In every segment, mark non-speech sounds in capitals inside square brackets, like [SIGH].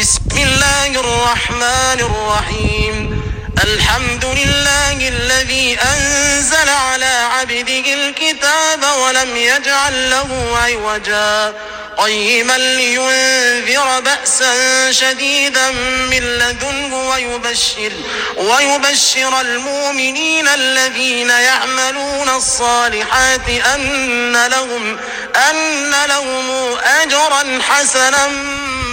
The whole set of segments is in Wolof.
بسم الله الرحمن الرحيم الحمد لله الذي أنزل على عبده الكتاب ولم يجعل له عوجا قيما لينذر بأسا شديدا من لدنه ويبشر, ويبشر المؤمنين الذين يعملون الصالحات أن لهم, أن لهم أجرا حسنا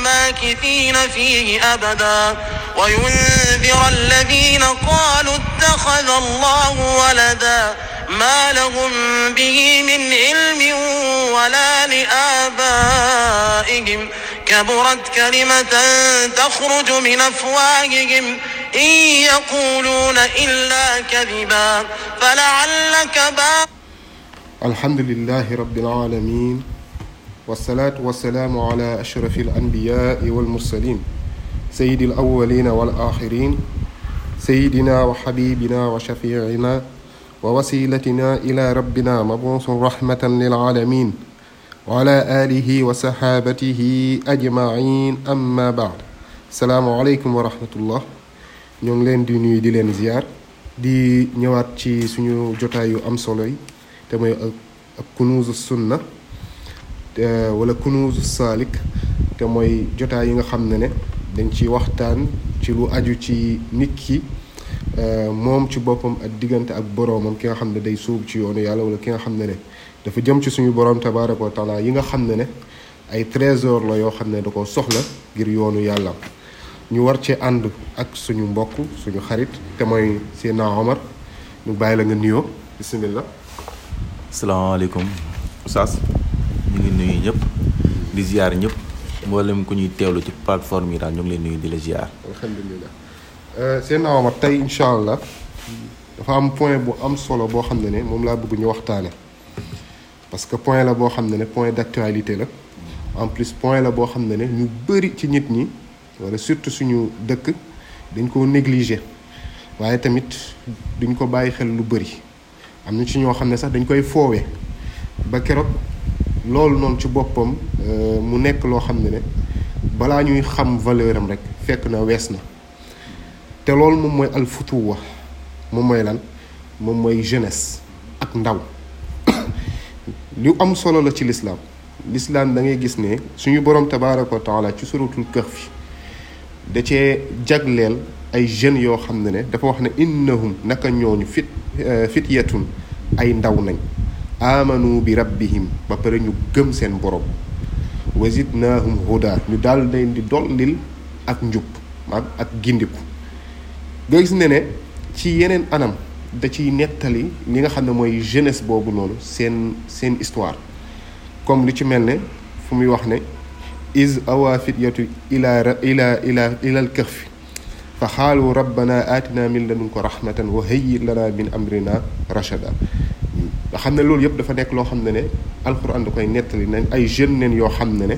ماكثين فيه أبدا وينذر الذين قالوا اتخذ الله ولدا ما لهم به من علم ولا لآبائهم كبرت كلمة تخرج من أفواههم إن يقولون إلا كذبا فلعلك باق الحمد لله رب العالمين wasalaatu wasalaamu ala ashrafi alanbiyaai walmursalin sayidi alawalina walaaxirin sayidina wa xabibina wa shafiicina wa wasilatina ila rabbina mabuusu raxmatan lilaalamin wa ala alihi wa saxaabatihi ajmain amma baad salaamu aleykum wa rahmatullah ñoo ngi leen di nuyu di leen ziyaar di ñëwaat ci suñu jotaay yu am solo yi te mooy ak kunuusu sunna Euh, wala kunuuzu saalik te mooy jotaay yi nga xam ne ne dañ ci waxtaan ci lu aju ci nit ki euh, moom ci boppam ak diggante ak boroomam ki nga xam ne day suub ci yoonu yàlla wala ki nga xam ne ne dafa jëm ci suñu boroom tabaraka wa taala yi nga xam ne ne ay trésor la yoo xam ne da ko soxla ngir yoonu yàlla ñu war ci ànd ak suñu mbokk suñu xarit te mooy Seydina Omar ñu bàyyi la nga nuyoo bisimilah. salaamaaleykum Oustaz. ñëpp di ziar ñëpp mboolem ku ñuy teewlu ci plateforme daal ñu ngi leen nuyu di la ziar. alhamdulilah euh, seen tey incha allah dafa am point bu am solo boo xam ne ne moom laa bëgg ñu waxtaane parce que point la boo xam ne ne point d'actualité la en plus point la boo xam ne ne ñu bëri ci nit ñi wala surtout suñu dëkk dañ koo négliger waaye tamit duñ ko bàyyi xel lu bëri am na ci ñoo xam ne sax dañ koy foowee ba keroog. loolu noonu ci boppam euh, mu nekk loo xam ne ne balaa ñuy xam valeur rek fekk na wees na te loolu moom mooy al futuwa moom mooy lan moom mooy jeunesse ak ndaw [COUGHS] lu am solo la ci lislaam lislaam da ngay gis ne suñu borom tabaaraka wa ci suratul kahf da cee jagleel ay jeunes yoo xam ne ne dafa wax ne innahum naka ñooñu fit fit euh, fityatun ay ndaw nañ amanu bi rabbihim ba pare ñu gëm seen borom wa zidnaahum huda ñu daal leen di dollil ak njub maanaam ak gindiku nga gis ne ne ci yeneen anam da ciy nettali li nga xam ne mooy jeunesse boobu noonu seen seen histoire comme lu ci mel ne fu muy wax ne is awa fityatu ila ila ila ila al kahfi fa xaalu rabbana atina min ladunka rahmatan wa hayyi lana min amrina rachada xam ne loolu yëpp dafa nekk loo xam ne ne alxuraan da koy nettali nañ ay jeunes neen yoo xam ne ne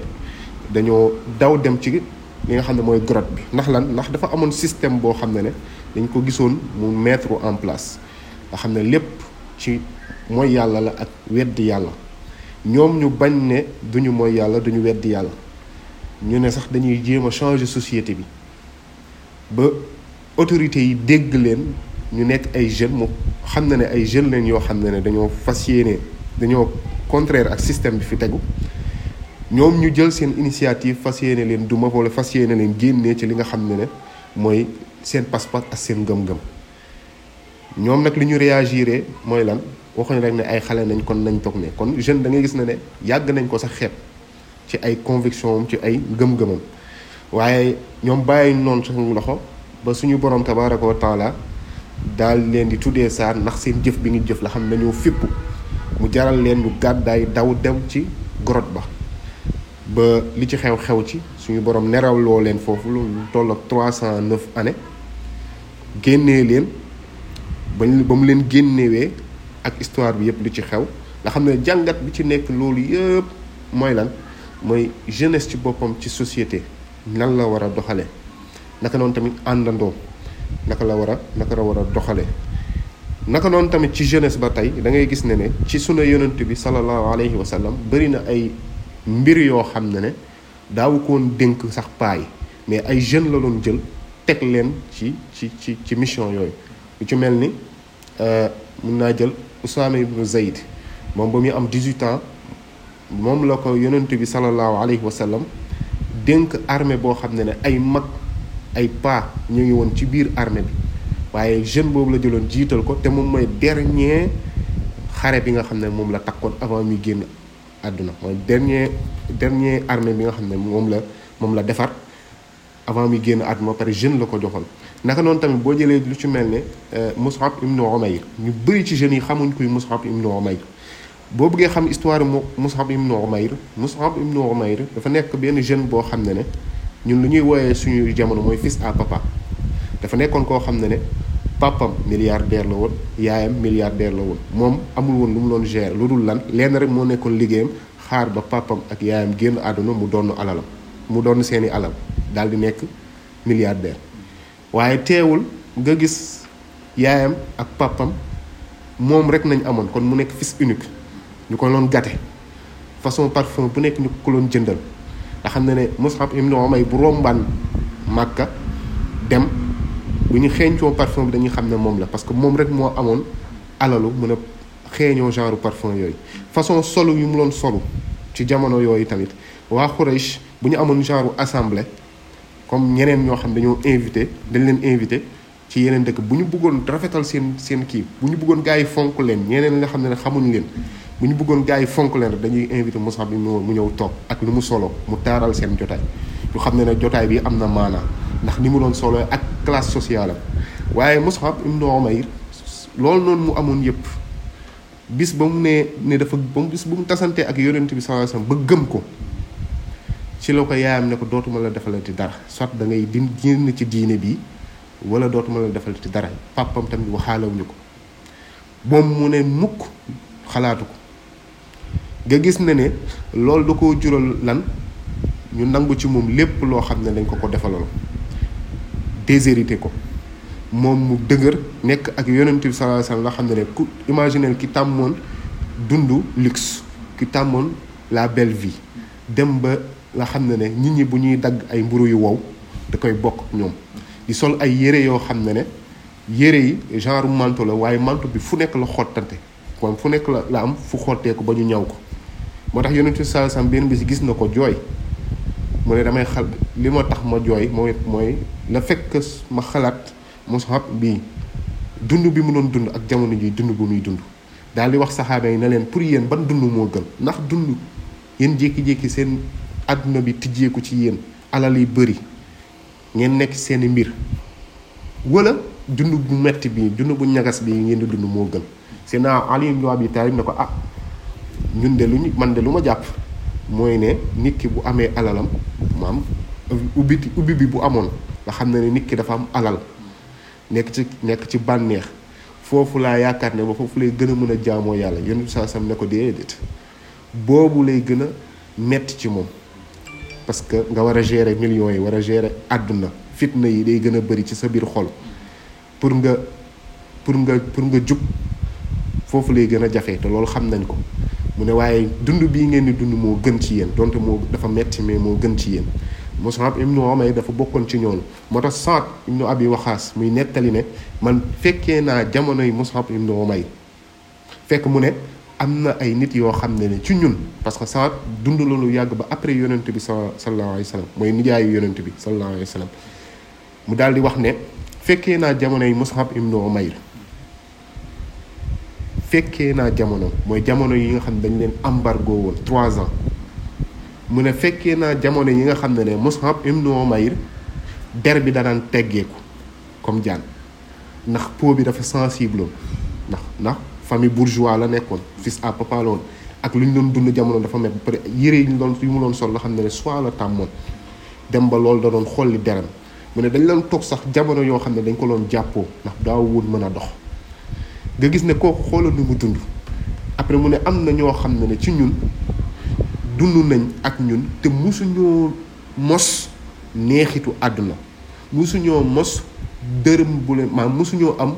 dañoo daw dem ci li nga xam ne mooy grotte bi ndax lan ndax dafa amoon système boo xam ne ne dañ ko gisoon mu mettre en place nga xam ne lépp ci mooy yàlla la ak weddi yàlla ñoom ñu bañ ne duñu mooy yàlla duñu weddi yàlla ñu ne sax dañuy jéem a changer société bi ba autorités yi dégg leen ñu nekk ay jeunes mu xam na ne ay jeunes leen yoo xam ne ne dañoo fas yéene dañoo contraire ak système bi fi tegu ñoom ñu jël seen initiative fas yéene leen duma wala fas yéene leen génnee ci li nga xam ne ne mooy seen pas-pas ak seen gëm-gëm ñoom nag li ñu réagiré mooy lan waxuñu rek ne ay xale nañ kon nañ toog ne kon jeune da ngay gis na ne yàgg nañ ko sax xeet ci ay conviction ci ay ngëm-ngëmam waaye ñoom bàyyiñ noonu suñu loxo ba suñu borom tabaraka wa taala daal leen di tuddee saar ndax seen jëf bi ñu jëf la xam ne nañoo fipp mu jaral leen ñu gàddaay daw dem ci grotte ba ba li ci xew xew ci suñu borom neraw loo leen foofu lu toll ak trois cent neuf année génnee leen bañ ba mu leen génnewee ak histoire bi yëpp lu ci xew nga xam ne jàngat bi ci nekk loolu yëpp mooy lan mooy jeunesse ci boppam ci société lan la war a doxalee naka noonu tamit àndandoo. naka la war a naka la war a doxalee. naka noonu tamit ci jeunesse ba tey da ngay gis ne ne ci sunu yonent bi sallallahu alayhi wa sallam bëri na ay mbir yoo xam ne ne daawu koon dénk sax paay mais ay jeunes la jël teg leen ci ci ci ci mission yooyu lu ci mel ni euh, mun naa jël Usaama ibnu Zayd moom ba muy am 18 moom la ko yonent bi sallallahu alayhi wa sallam dénk armée boo xam ne ne ay mag ay pas ñu ngi woon ci biir armée bi waaye jeune boobu la jëloon jiital ko te moom mooy dernier xare bi nga xam ne moom la takkoon avant muy génn àdduna mooy dernier dernier armée bi nga xam ne moom la moom la defar avant muy génn àdduna pare jeune la ko joxoon naka noonu tamit boo jëlee lu ci mel ne euh, Mus'ab ibn may ñu bëri ci jeunes yi xamuñ kuy Mus'ab ibn may boo bëggee xam histoire mu Mus'ab ibn Umayr Mus'ab ibn Umayr dafa nekk benn jeune boo xam ne ne ñun lu ñuy wooyee suñu jamono mooy fils à papa dafa nekkoon koo xam ne ne papam milliardaire la woon yaayam milliardaire la woon moom amul woon lu mu doon gérer lu dul lan leen rek moo nekkoon liggéeyam xaar ba papam ak yaayam génn àdduna mu doon alalam mu doon seeni alal daal di nekk milliardaire waaye teewul nga gis yaayam ak papam moom rek nañ amoon kon mu nekk fils unique ñu ko doon gàtte façon parfum bu nekk ñu ko loon jëndal te xam na ne Mus'ab ibn Umayr bu rombaan Màkka dem bu ñu xeeñcoo parfum bi dañuy xam ne moom la parce que moom rek moo amoon alalu mën a xeeñoo genre parfum yooyu façon solu yu mu doon solu ci jamono yooyu tamit waa Quraysh bu ñu amoon genre assemblée comme ñeneen ñoo xam ne dañoo invité dañ leen invité ci yeneen dëkk bu ñu bëggoon rafetal seen seen kii bu ñu bëggoon gars yi fonk leen ñeneen nga xam ne xamuñ leen bu ñu bëggoon gaa yi fonk leen dañuy invité Moussa bi mu mu ñëw toog ak lu mu solo mu taaral seen jotaay ñu xam ne ne jotaay bii am na maana ndax ni mu doon solo ak classe sociale am waaye Mus'ab ibn loolu noonu mu amoon yëpp bis ba mu ne ne dafa ba mu bis ak yonent bi sallallahu alayhi wasallam gëm ko ci la ko yaayam ne ko dootuma la defalati dara soit dangay din din génn ci diine bi wala dootuma la defalati dara papam tamit waxaalewuñu ko moom mu ne mukk xalaatu ko nga gis na ne loolu du ko jural lan ñu nangu ci moom lépp loo xam ne dañ ko ko defaloon déshérité ko moom mu dëgër nekk ak yonent bi sallallahu alayhi xam ne ne ku imaginer ki tàmmoon dundu luxe ki tàmmoon la belle vie dem ba la xam ne ne nit ñi bu ñuy dagg ay mburu yu wow da koy bokk ñoom di sol ay yére yoo xam ne ne yére yi genre manteau la waaye manteau bi fu nekk la xottante moom fu nekk la la am fu xotteeku ba ñu ñaw ko moo tax yonent bi sallallahu alayhi wasallam benn bés gis na ko jooy mu ne damay xal li ma tax ma jooy mooy mooy la fekk ma xalaat Mus'ab bi dund bi mu doon dund ak jamono ji dund bu muy dund daal di wax saxaaba yi na leen pour yéen ban dund moo gën ndax dund yéen jékki-jékki seen àdduna bi tijjeeku ci yéen alal yi bari ngeen nekk seeni mbir wala dund bu metti bii dund bu ñagas bii ngeen di dund moo gën seen Ali ibn Abi Talib ne ko ah ñun de lu ñu man de lu ma jàpp mooy ne nit ki bu amee alalam maam ubbiti ubbi bi bu amoon nga xam ne ne nit ki dafa am alal nekk ci nekk ci bànneex foofu laa yaakaar ne ba foofu lay gën a mën a jaamoo yàlla yonent saa sam ne ko déedéet boobu lay gën a metti ci moom parce que nga war a gere millions yi war a gérer àdduna fitna yi day gën a bëri ci sa biir xol pour nga pour nga pour nga jub foofu lay gën a jafe te loolu xam nañ ko mu ne waaye dund bii ngeen di dund moo gën ci yéen donte moo dafa metti mais moo gën ci yéen Mus'ab ibnu Umayr dafa bokkoon ci ñooñu moo tax Saad ibnu Abi Waqaas nettali ne man fekkee naa jamonoy Mus'ab ibnu Umayr fekk mu ne am na ay nit yoo xam ne ne ci ñun parce que Saad dund lu yàgg ba après yonent bi sallallahu alayhi wa mooy nijaayu yonent bi sallallahu alayhi mu daal di wax ne fekkee naa jamonoy Mus'ab ibnu Umayr fekkee naa jamono mooy jamono yi nga xam ne dañ leen embargo woon trois ans mu ne fekkee naa jamono yi nga xam ne ne Mus'ab ibnu Umayr der bi danaan teggeeku comme jaan ndax peau bi dafa sensible woon ndax ndax famille bourgeois la nekkoon fils à papa la ak lu ñu doon dund jamono dafa met peut yére yi ñu doon yu mu doon sol la xam ne ne soit la tàmmoon dem ba loolu da doon xolli deram mu ne dañ leen toog sax jamono yoo xam ne dañ ko doon jàppoo ndax daaw woon mën a dox nga gis ne kooku xoolal nu mu dund après mu ne am na ñoo xam ne ne ci ñun dund nañ ak ñun te musuñoo mos neexitu àdduna musuñoo mos dërëm bu leen maanaam musuñoo am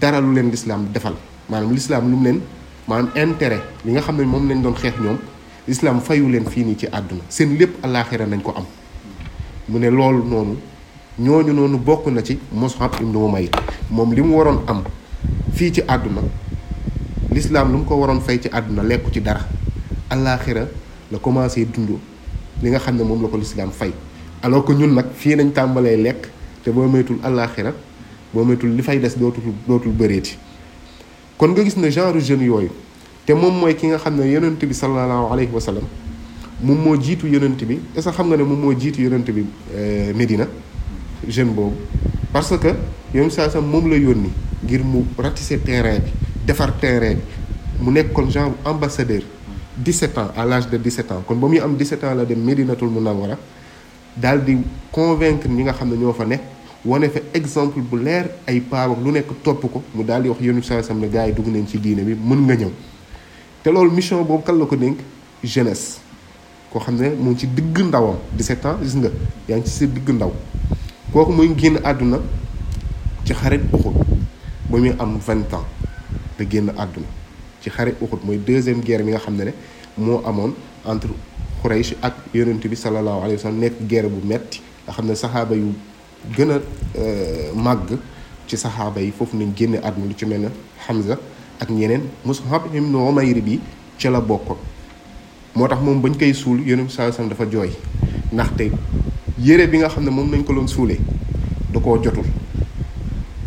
dara lu leen lislaam defal maanaam lislaam lu mu leen maanaam intérêt li nga xam ne moom lañ doon xeex ñoom lislaam fayu leen fii nii ci àdduna seen lépp àllaaxira nañ ko am mu ne loolu noonu ñooñu noonu bokk na ci mos Mus'ab ibn Umayr moom li mu waroon am fii ci àdduna l'islam lu mu ko waroon fay ci àdduna lekku ci dara àllaaxira la commencé dund li nga xam ne moom la ko l'islam fay alors que ñun nag fii nañ tàmbalee lekk te boo moytul àllaaxira boo moytul li fay des dootul dootul bëreeti kon nga gis ne genre jeunes yooyu te moom mooy ki nga xam ne yonent bi sallallahu alayhi wa sallam moom moo jiitu yeneent bi est-ce xam nga ne moom moo jiitu yonent bi euh, Medina jeune boobu parce que yoonu saa sam moom la yónni ngir mu ratisser terrain bi defar terrain bi mu nekk kon genre ambassadeur 17 ans à l'âge de 17 ans kon ba muy am 17 ans la dem Médinatul Munawwara daal di convaincre ni nga xam ne ñoo fa ne wane fa exemple bu leer ay paa lu nekk topp ko mu daal di wax yoonu saa sam ne gars yi dugg nañ ci diine bi mën nga ñëw te loolu mission boobu kan la ko dénk jeunesse koo xam ne moom ci digg ndawam 17 ans nga yaa ngi ci sa digg ndaw kooku muy génn àdduna ci xarit Uhud ba muy am vingt ans la génn àdduna ci xarit Uhud mooy deuxième guerre bi nga xam ne ne moo amoon entre Quraysh ak yonent bi sallallahu alayhi wa sallam nekk guerre bu metti nga xam ne saxaaba yu gën a euh, màgg ci saxaaba yi foofu nañ génne àdduna lu ci mel ne Hamza ak ñeneen Mus'ab ibn Umayr bi ca la bokkoon moo tax moom bañ koy suul yonent bi sallallahu alayhi wa sallam dafa jooy ndaxte yére bi nga xam ne moom nañ ko doon suulee da ko jotul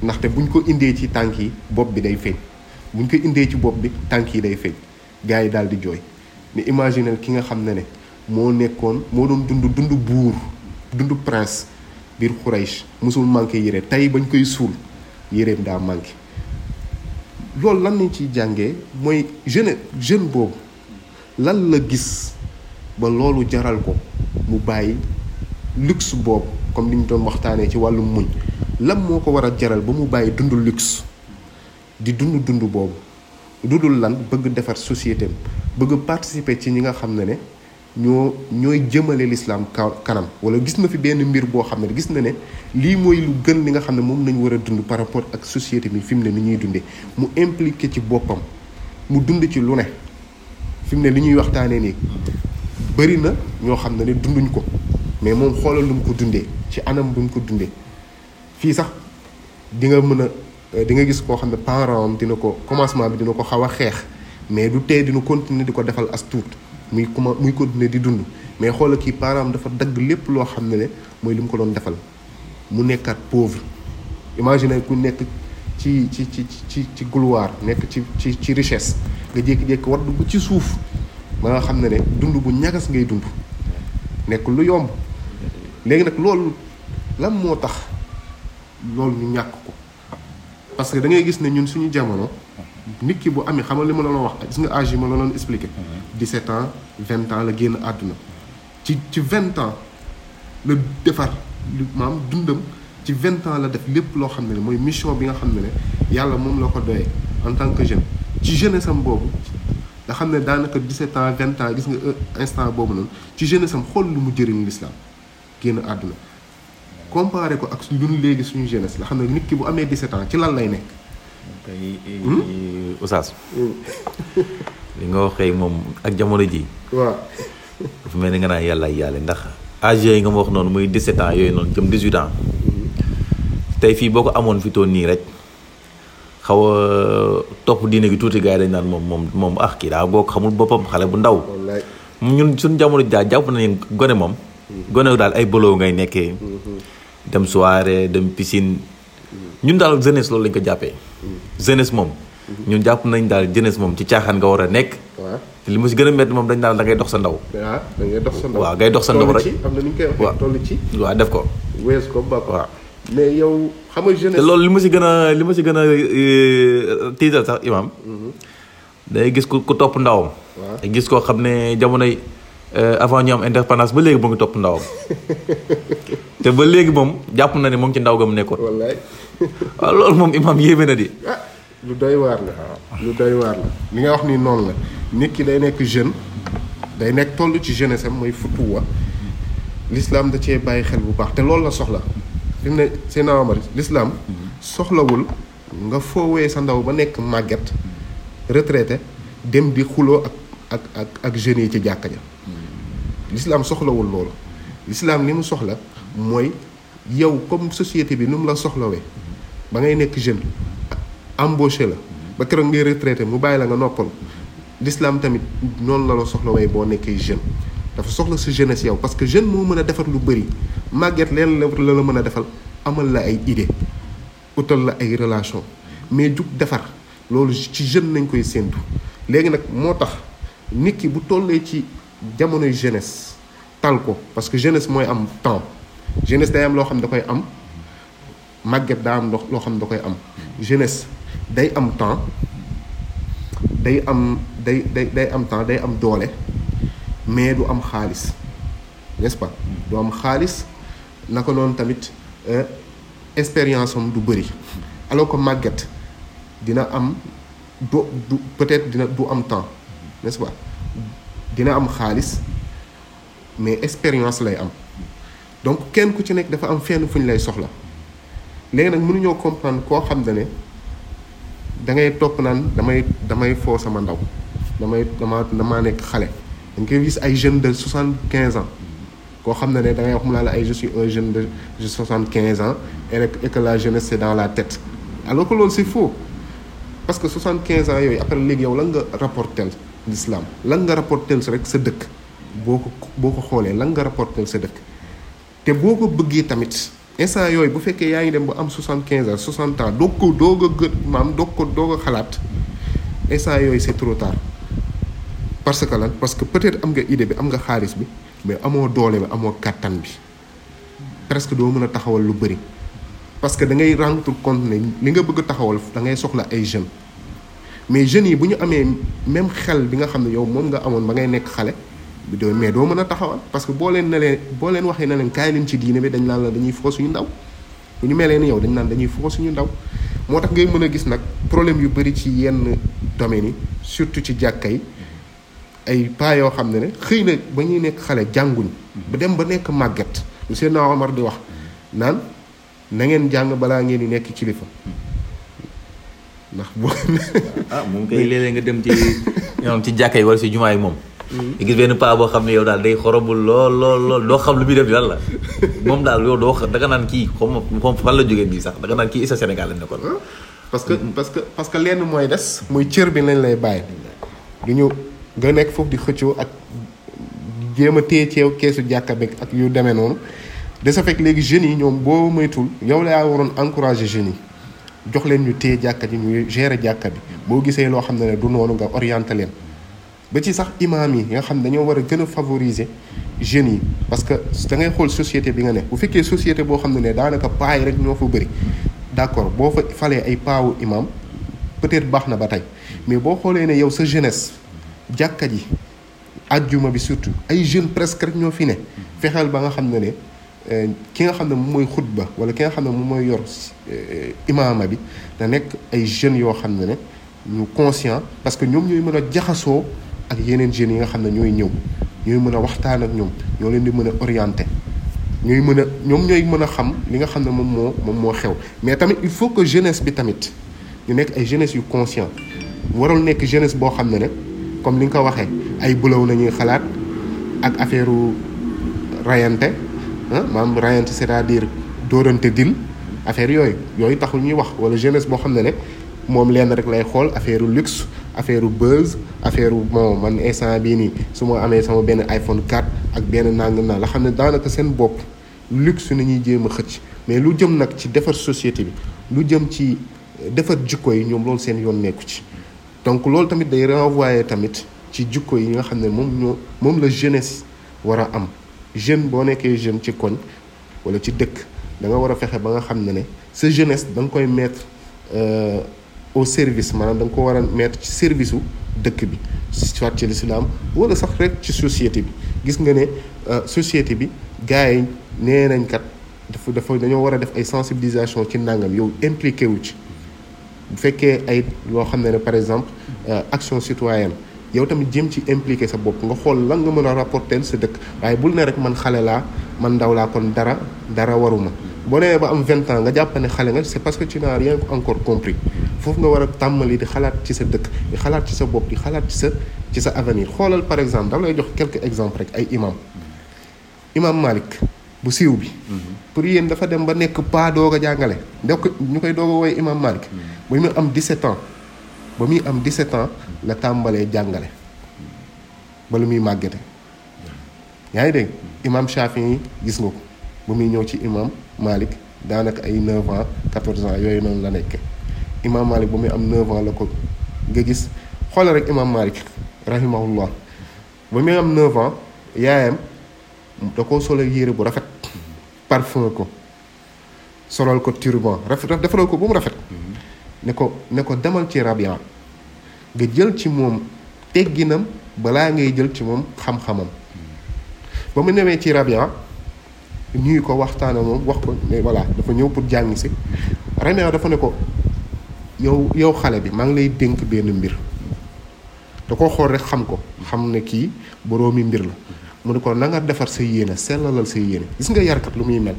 ndaxte buñ ko indee ci tànk yi bopp bi day feeñ buñ ko indee ci bopp bi tànk yi day feeñ gars yi daal di jooy ni imaginel ki nga xam ne ne moo nekkoon moo doon dund dund buur dund prince biir Quraysh mosul manqué yére tey bañ koy suul yéreem daa manqué loolu lan lañ ci jànge mooy jeune jeune boobu lan la gis ba loolu jaral ko mu bàyyi luxe boobu comme li ñu doon waxtaanee ci wàllum muñ lan moo ko war a jaral ba mu bàyyi dund luxe di dund dund boobu dudul lan bëgg defar société bëgg participer ci ñi nga xam ne ne ñoo ñooy jëmale lislaam kanam wala gis na fi benn mbir boo xam ne gis na ne lii mooy lu gën li nga xam ne moom nañ war a dund par rapport ak société bi fi mu ne ni ñuy dundee mu impliqué ci boppam mu dund ci lu ne fi ne li ñuy waxtaanee nii bëri na ñoo xam ne ne dunduñ ko mais moom xoolal lu mu ko dundee ci anam bu mu ko dundee fii sax dinga mën a euh, di nga gis koo xam ne parent am dina ko commencement bi dina ko xaw a xeex mais du tee dina continuer di ko defal as tuut muy comment muy continuer di dund mais xoolal kii parent am dafa dagg lépp loo xam ne ne mooy li mu ko doon defal mu nekkaat pauvre imagine ku nekk ci ci ci ci ci gloire nekk ci ci ci richesse nga jékki-jékki war dugg ci suuf ba nga xam ne ne dund bu ñagas ngay dund nekk lu yomb léegi nag loolu lan moo tax loolu ñu ñàkk ko parce que da ngay gis ne ñun suñu jamono nit ki bu amee xamal li ma la wax gis nga âge yi ma la doon expliqué. 17 mm-hmm. ans 20 ans la génn àdduna. ci ci 20 ans la defar maam dundam ci 20 ans la def lépp loo xam ne mooy mission bi nga xam ne ne yàlla moom la ko doyee en tant que jeune. ci jeunesse am boobu nga xam ne daanaka set ans 20 ans gis nga euh, instant boobu noonu ci jeunesse am xool lu mu jëriñ l'islam génn àdduna comparé ko ak ñun léegi suñu jeunesse la xam ne nit ki bu amee 17 ans ci lan lay nekk. kay eh, eh, hmm? eh, hmm. [LAUGHS] li nga wax kay moom ak jamono ji waaw. dafa mel ni nga naan yàlla yàlla ndax âge yooyu nga ma wax noonu muy 17 yooyu noonu jëm 18 ans hmm. tey fii boo ko amoon fi toon nii rek xaw a euh, topp diine gi tuuti gars yi dañ naan moom moom moom ah kii daa boo xamul boppam xale bu ndaw. ñun suñu jamono jaa jàpp nañu gone moom. gone daal ay bolo ngay nekkee. dem soirée dem piscine. ñun daal jeunesse loolu lañ ko jàppee. jeunesse moom. ñun jàpp nañ daal jeunesse moom ci caaxaan nga war a nekk. li ma si gën a métti moom dañ daal da ngay dox sa ndaw. waaw da ngay dox sa ndaw ngay dox sa ndaw rek am na nu ñu koy waxee toll ci. waaw def ko. wees ko ba waaw mais yow xam nga jeunesse. te loolu li ma si gën a li ma si gën a euh, tiital sax imam mhm. day gis ku topp ndawam. gis koo xam ne jamonoy. Euh, avant ñu am indépendance ba léegi mu ngi topp ndawam ba léegi moom jàpp na ne moom ci ndaw ga mu nekkoon. wallaay waaw ah, loolu moom imaam yéeme na di. ah lu doy waar la. lu doy waar la li nga wax ni noonu la nit ki day nekk jeune day nekk toll ci jeunesse sem mooy futuwa l'islam da cee bàyyi xel bu baax te loolu la soxla fi mu ne Seydina Omar l'islam soxlawul nga foowee sa ndaw ba nekk màgget retraité dem di xuloo ak ak ak ak jeunes yi ci jàkka ja lislaam soxlawul loolu lislaam li mu soxla mooy yow comme société bi nu mu la soxlawee ba ngay nekk jeune embauché la ba keroog ngay retraité mu bàyyi la nga noppal l'islam tamit noonu la la soxlawee boo nekkee jeune dafa soxla sa jeunesse yow parce que jeune moo mën a defar lu bëri màgget leen la la mën a defal amal la ay idée utal la ay relation mais jug defar loolu ci jeune nañ koy séntu léegi nag moo tax nit ki bu tollee ci jamonoy jeunesse tal parce que jeunesse mooy am temps jeunesse day am loo xam ne da koy am màgget daa am loo xam ne da koy am jeunesse day am temps day am day day day am temps day am doole mais du am xaalis n'est-ce pas du am xaalis naka noonu tamit euh, expérience am du bëri alors que màgget dina am do du peut-être dina du am temps nest dina am xaalis mais expérience lay am donc kenn ku ci nekk dafa am fenn fu ñu lay soxla léegi nag mënuñoo comprendre koo xam ne ne da ngay topp naan damay damay foo sama ndaw damay dama damaa nekk xale dañ koy gis ay jeunes de soixante quinze ans koo xam ne ne da ngay wax mu naa la ay je un jeune de soixante quinze ans et que la jeunesse c'est dans la tête alors que loolu parce que soixante quinze ans yooyu après léegi yow lan nga rapportel l'islam lan nga rapportel sa rek sa dëkk boo ko boo ko xoolee lan nga rapportel sa dëkk te boo ko bëggee tamit instant yooyu bu fekkee yaa ngi dem ba am soixante quinze ans soixante ans doog ko doog a gën maam doog ko doog xalaat instant yooyu c'est trop parce que lan parce que peut-être am nga idée bi am nga xaalis bi mais amoo doole bi amoo kàttan bi presque doo mën a taxawal lu bëri parce que da ngay rendre compte ne li nga bëgg taxawal da ngay soxla ay jeunes mais jeunes yi bu ñu amee même xel bi nga xam ne yow moom nga amoon ba ngay nekk xale mais doo mën a taxawal parce que boo leen ne leen boo leen waxee na leen kaay leen ci diine bi dañ naan la bu ñu melee ni yow dañ naan dañuy foo suñu ndaw moo tax ngay mën a gis nag problème yu bëri ci yenn domaines yi surtout ci jàkka yi ay pas yoo xam ne ne xëy na ba ñuy nekk xale jànguñ ba dem ba nekk màggat lu seen naa Omar di wax naan na ngeen jàng balaa ngeen di nekk kilifa ndax moom. ah moom kay léeg nga dem ci ñoom ci jàkka yi wala si jumaa yi moom. di hmm. gis benn paa boo xam ne yow daal day xorobul lool lool lool doo xam lu muy def lan la moom daal yow doo xam da nga naan kii xom xom fan la jógee sax da nga naan kii isa Sénégal lañ nekkoon. Hmm. parce que hmm. parce que parce que lenn mooy des. muy cër bi lañ lay bàyyi. du ñu nga nekk foofu di xëccoo ak jéem a téye ceew keesu jàkka beeg ak yu demee noonu de ce fait léegi jeunes yi ñoom boo moytul yow laa waroon encourager jeunes yi. jox leen ñu téye jàkka ji ñuy gérer jàkka bi boo gisee loo xam ne ne du noonu nga orienté leen ba ci sax imaam yi nga xam ne dañoo war a gën a favoriser jeunes yi parce que da ngay xool société bi nga ne bu fekkee société boo xam ne ne daanaka paa rek ñoo fa bëri d'accord boo fa falee ay paawu imaam peut-être baax na ba tey mais boo xoolee ne yow sa jeunesse jàkka ji ajjuma bi surtout ay jeunes presque rek ñoo fi ne fexeel ba nga xam ne ne ki nga xam ne moom mooy xutba wala ki nga xam ne moom mooy yor eh, imaama bi da nekk ay jeunes yoo xam ne ne ñu conscient parce que ñoom ñooy mën a jaxasoo ak yeneen jeunes yi nga xam ne ñooy ñëw ñooy mën a waxtaan ak ñoom ñoo leen di mën a orienté ñooy mën a ñoom ñooy mën a xam li nga xam ne moom moo moom moo xew mais tamit il faut que jeunesse bi tamit ñu nekk ay jeunesse yu conscient warul nekk jeunesse boo xam ne ne comme li nga ko waxee ay bulaw nañuy xalaat ak affaire rayante maanaam rayante c'est-à-dire dóorante din affaire yooyu yooyu taxul ñuy wax wala jeunesse boo xam ne ne moom lenn rek lay xool affaire luxe affaire buzz affaire bon man instant bii nii su ma amee sama benn iPhone 4 ak benn nangam naa la xam ne daanaka seen bopp luxe su ñuy jéem a xëcc mais lu jëm nag ci defar société bi lu jëm ci defar jikko yi ñoom loolu seen yoon nekku ci donc loolu tamit day renvoyer tamit ci jikko yi nga xam ne moom ñoo moom la jeunesse war a am jeune boo nekkee jeune ci koñ wala ci dëkk da nga war a fexe ba nga xam ne ne sa jeunesse da nga koy mettre euh, au service maanaam da nga ko war a mettre ci service su dëkk bi soit ci lislaam wala sax rek ci société bi gis nga ne euh, société bi gars yi nee kat dafa dafa dañoo war a def ay sensibilisation ci nangam yow impliqué wu ci bu fekkee ay loo xam ne ne par exemple euh, action citoyenne yow tamit jéem ci impliqué sa bopp nga xool lan nga mën a rapporter sa dëkk waaye bul ne rek man xale laa man daw laa kon dara dara waruma boo nee ba am vingt ans nga jàpp ne xale nga c'est parce que tu n'as rien foofu nga war a tàmmali di xalaat ci sa dëkk di xalaat ci sa bopp di xalaat ci sa ci sa avenir xoolal par exemple dama jox quelques exemples rek ay imam imam Malik bu siiw bi mm-hmm. pour yéen dafa dem ba nekk pas doog a jàngale ndek ñu koy doog a wooye imam Malik mm-hmm. ba muy am 17 ans ba muy am 17 ans la tàmbalee jàngale ba lu muy màggete yaa ngi dégg imam Chafi'i gis nga ko ba muy ñëw ci imam Malik daanaka ay 9 ans 14 ans yooyu noonu la nekke imam Malik ba muy am 9 ans la ko nga gis xoolal rek imam Malik rahimahullah ba muy am 9 ans yaayam da koo solal yére bu rafet parfum ko solal ko turban rafet defaral ko ba mu rafet mm-hmm. ne ko ne ko demal ci rabia nga jël ci moom tegginam balaa ngay jël ci moom xam-xamam ba mu newee ci Rabia ñuy ko waxtaana moom wax ko mais voilà dafa ñëw pour jàng si Rabia dafa ne ko yow yow xale bi maa ngi lay dénk benn mbir da koo xool rek xam ko xam ne kii boroomi mbir la mu ne ko na nga defar sa yéene sellalal sa yéene gis nga yarkat lu muy mel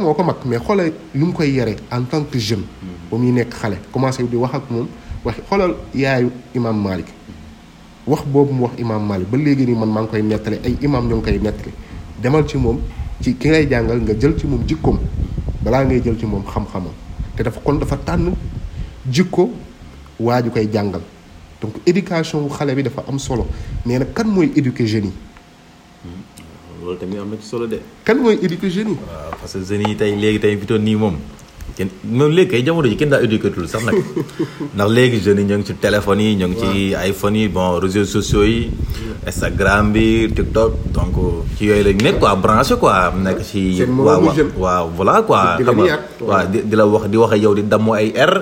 moo ko mag mais xoole lu mu koy yare en tant que jeune ba muy nekk xale commencé di wax ak moom wax xoolal yaayu imam Malik wax boobu mu wax imam Malik ba léegi nii man maa ngi koy nettali ay imam ñoo ngi koy nettali demal ci moom ci ki ngay jàngal nga jël ci moom jikkoom balaa ngay jël ci moom xam-xamam te dafa kon dafa tànn jikko waa ju koy jàngal donc éducation wu xale bi dafa am solo nee na kan mooy éduquer jeunes yi. loolu tamit am na ci solo de. kan mooy éduquer jeunes yi. waaw que jeunes yi tey léegi tey fi toll nii moom. kenn même léegi kay jamono ji kenn daa éducatul sax nag [LAUGHS] ndax léegi jeunes yi ñoo ngi ci téléphone yi ñoo ngi ci iPhone yi bon réseaux sociaux yi Instagram bi TikTok donc ci yooyu lañ nekk quoi branché quoi nekk ci waaw waaw voilà quoi xam nga waaw di di la wax di wax ak yow di damm ay r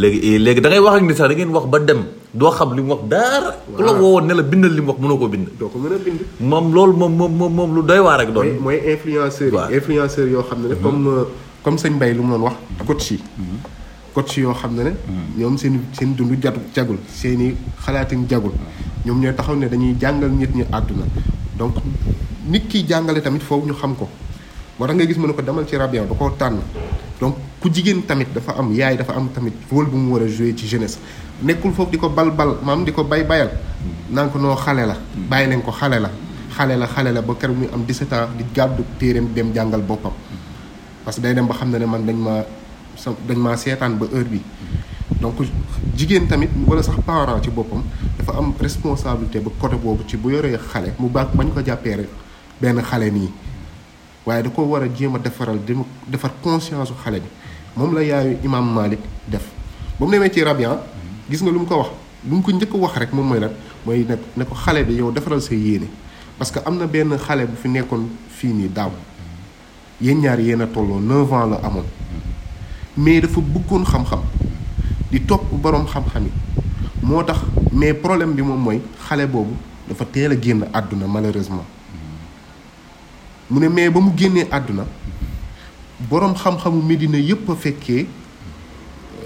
léegi eh, léegi da ngay wax ak ni sax da ngeen wax ba dem doo xam li mu wax daara ku la woowoon ne la bindal li mu wax mënoo ko bind ko bind moom loolu moom moom moom lu doy waar rek doon mooy influenceurs yi yoo xam ne comme mm-hmm. euh, comme sëñ Mbaye lu mu doon wax mm-hmm. coach yi mm-hmm. coach yoo xam ne ne mm-hmm. ñoom seen seen dund jatu jagul seen i xalaatin jagul ñoom ñooy taxaw ne dañuy jàngal nit ñi àdduna donc nit kiy jàngale tamit foofu ñu xam ko moo tax nga gis mu ne ko demal ci rabian ba koo tànn donc ku jigéen tamit dafa am yaay dafa am tamit rôle bu mu war a joué ci jeunesse nekkul foofu di ko bal bal maam di ko bay bayal naan ko noo xale la bàyyi leen ko xale la xale la xale la ba kër muy am di ans di gàddu téeréem dem jàngal boppam parce que day dem ba xam ne ne man dañ ma sa dañ maa seetaan ba heure bi donc jigéen tamit wala sax parent ci boppam dafa am responsabilité ba côté boobu ci bu yoree xale mu baax bañ ko jàppee rek benn xale nii waaye da ko war a jéem a defaral dem defar conscience su xale bi moom la yaayu imam Malik def ba mu demee ci Rabia gis nga lu mu ko wax lu mu ko njëkk wax rek moom mooy lan mooy ne ne ko xale bi yow defaral sa yéene parce que am na benn xale bu fi nekkoon fii nii daaw yéen ñaar yéen a tolloo neuf ans la amoon mais dafa bëggoon xam-xam di topp boroom xam-xam yi moo tax mais problème bi moom mooy xale boobu dafa teel a génn àdduna malheureusement mu ne mais ba mu génnee àdduna boroom xam-xamu Medina yépp a fekkee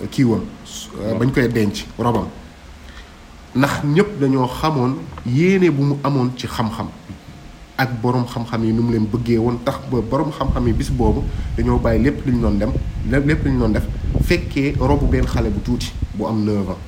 euh, kii woon euh, bañ koy denc robam ndax ñépp dañoo xamoon yéene bu mu amoon ci xam-xam ak boroom xam-xam yi nu mu leen bëggee woon tax ba borom xam-xam yi bis boobu dañoo bàyyi lépp lu ñu doon dem lépp lu loon doon def fekkee robu benn xale bu tuuti bu am 9 ans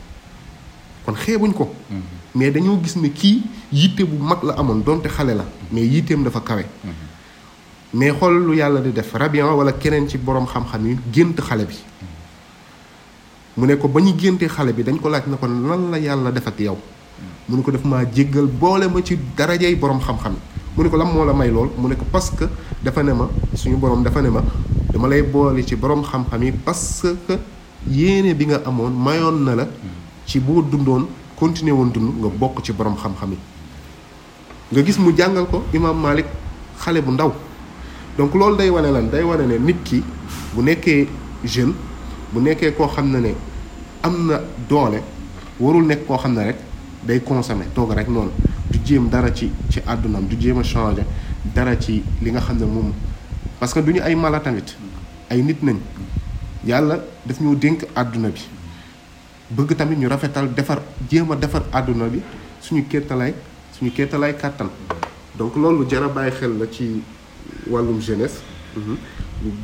kon xeebuñ ko. Mm-hmm. mais dañoo gis ne kii yitte bu mag la amoon donte xale la mais yitteem dafa kawe. Mm-hmm. mais xool lu yàlla di def Rabian wala keneen ci boroom xam-xam yi gént xale bi. Mm-hmm. mu ne ko ba ñu géntee xale bi dañ ko laaj na ko lan la yàlla defat yow. mu ne ko def maa jéggal boole ma ci darajay borom xam-xam mu ne ko lan moo la may lool mu ne ko parce que dafa ne ma suñu borom dafa ne ma dama lay boole ci borom xam-xam yi parce que yéene bi nga amoon mayoon na la ci boo dundoon continuer woon dund nga bokk ci borom xam-xam yi nga gis mu jàngal ko imaam Malik xale bu ndaw donc loolu day wane lan day wane ne nit ki bu nekkee jeune bu nekkee koo xam ne ne am na doole warul nekk koo xam ne rek day consommer toog rek noonu du jéem dara ci ci àddunam du jéem a changé dara ci li nga xam ne moom parce que du ñu ay mala tamit ay nit nañ yàlla daf ñoo dénk àdduna bi bëgg tamit ñu rafetal defar jéem a defar àdduna bi suñu kéttalaay suñu kéttalaay kàttan donc loolu jar bàyyi xel la ci wàllum jeunesse mm-hmm.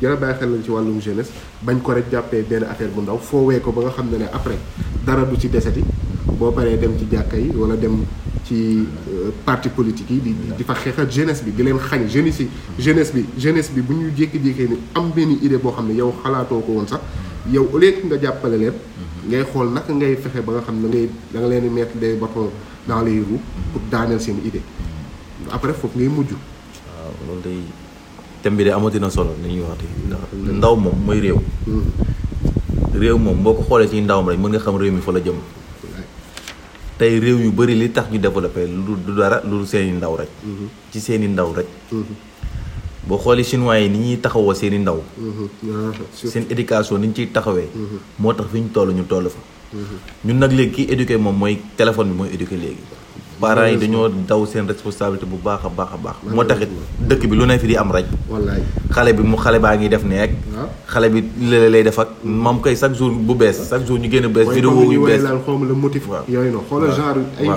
jar a bàyyi xel la ci wàllum jeunesse bañ ko rek jàppee benn affaire bu ndaw foowee ko ba nga xam ne ne après dara du ci deseti boo paree dem ci jàkka yi wala dem ci euh, parti politique yi di di fa xeexal jeunesse bi di leen xañ jeunesse yi jeunesse bi jeunesse bi bu ñu jékki-jékkee ni am benn idée boo xam ne yow xalaatoo ko woon sax yow au lieu nga jàppale leen ngay xool naka ngay fexe ba nga xam ne ngay da nga leen di mettre des bâtons dans les roues pour daaneel seen idée après foofu ngay mujj waaw loolu bi de na solo ni ñuy waxati ndax ndaw moom mooy réew mm. réew moom boo ko xoolee ci ndawam rek mën nga xam réew mi fa la jëm tey réew yu bëri li tax ñu développé lu du dara lu seeni ndaw rek. Mm-hmm. ci seeni ndaw rek. Mm-hmm. boo xoolee chinois yi ni ñuy taxawoo seeni ndaw. Mm-hmm. Ah, seen éducation ni ñu ciy taxawee. moo tax fi ñu toll ñu toll fa. ñun nag léegi kiy éduqué moom mooy téléphone bi mooy éduqué léegi. parents yi dañoo daw seen responsabilité bu baax a baax a baax moo taxit dëkk bi lu ne fi di am rek wallaay xale bi mu xale baa ngi def neeg ah. xale bi lay def ak moom koy chaque jour bu bees chaque jour ñu génn bees vidéo yu yooyu xoolal genre ay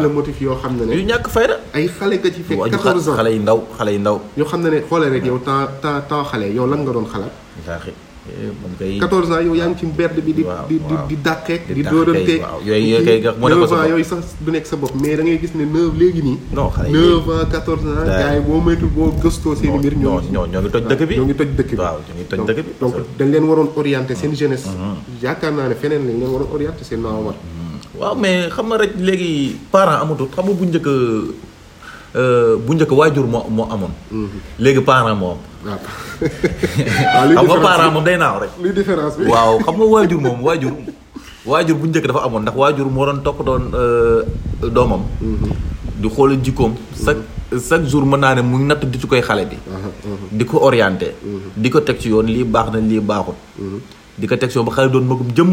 yoo xam ne ne yu ñàkk fayda ay xale nga ci fekk 14 ans xale yu ndaw xale yu ndaw yoo xam ne ne xoolal rek yow temps temps temps xale yow lan nga doon xalaat Eh, man kay 14 ans yow yaa ngi ci mbedd bi. di di di dàqeeg. di dóoranteeg waaw yooyu yooyu kay moo nekk sa bopp yooyu sax du nekk sa bopp mais da ngay gis ne 9 léegi nii. non xale yi 9 ans 14 ans. gars yi boo moytu boo gëstoo seen i ñoo ñoo ñoo ngi bi ñoo ngi toj dëkk bi. waaw ñoo dañ leen waroon orienté seen jeunesse. Mm-hmm. yaakaar naa ne feneen lañ leen waroon orienté seen naaw war. waaw mais xam nga rek léegi parent amatul xam nga bu njëkk euh, bu njëkk waajur moo moo amoon. Mm-hmm. léegi parent moo waaw. xam nga parent moom day naaw rek. différence waaw xam nga waajur moom waajur. waajur bu njëkk dafa amoon ndax waajur moo doon topp doon euh, doomam. Mhm. di xoolal jikkoom. Mhm. chaque chaque jour mën naa ne mu natt di su koy xale bi. di ko orienté. Mhm. di ko teg ci yoon lii baax na lii baaxul. di ko teg ci yoon ba xale doon magum jëmm.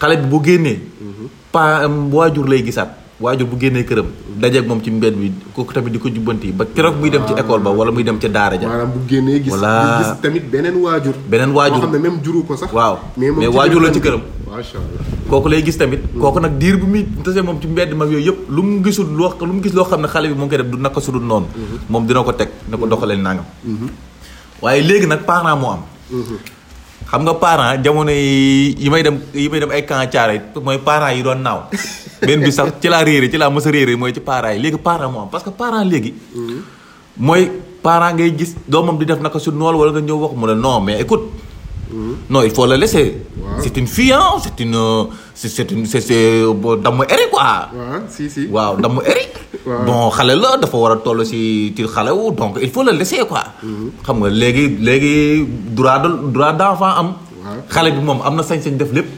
xale bi bu génnee. pa waajur lay gisaat. waajur bu génnee këram dajeeg moom ci mbedd bi kooku tamit di ko jubbanti ba keroog muy dem ci école ba wala muy dem ca daara ja maanaam génnee gis gis tamit beneen waajur beneen waajur xam même juru ko sax waaw mais waajur la ci këram macha kooku lay gis tamit hmm. kooku nag diir bu muy tasee moom ci mbedd mag yooyu yëpp lu mu gisul loo lu mu gis loo xam ne xale bi moo ngi koy def du naka sudul noonu hmm. moom dina ko teg ne ko hmm. doxaleen nangam waaye léegi nag parent moo am xam nga parent jamono yi yi may dem yi may dem ay camp caare mooy parents yi doon naaw [LAUGHS] benn bi sax ci laa réeré ci laa mos a réeré mooy ci parent yi léegi parents moom am parce que parents léegi mm-hmm. mooy parents ngay gis doomam di def naka su nool wala nga ñëw wax mu ne non mais non il faut la laisser. waaw c'est une fille ah c'est une c'est une c'est c'est damm eri quoi. waaw si eri. [LAUGHS] bon xale la dafa war a toll si ci xale wu donc il faut la laisser quoi. Mm-hmm. xam nga léegi léegi droit de droit d'enfant am. xale bi moom am na sañ-sañ def lépp.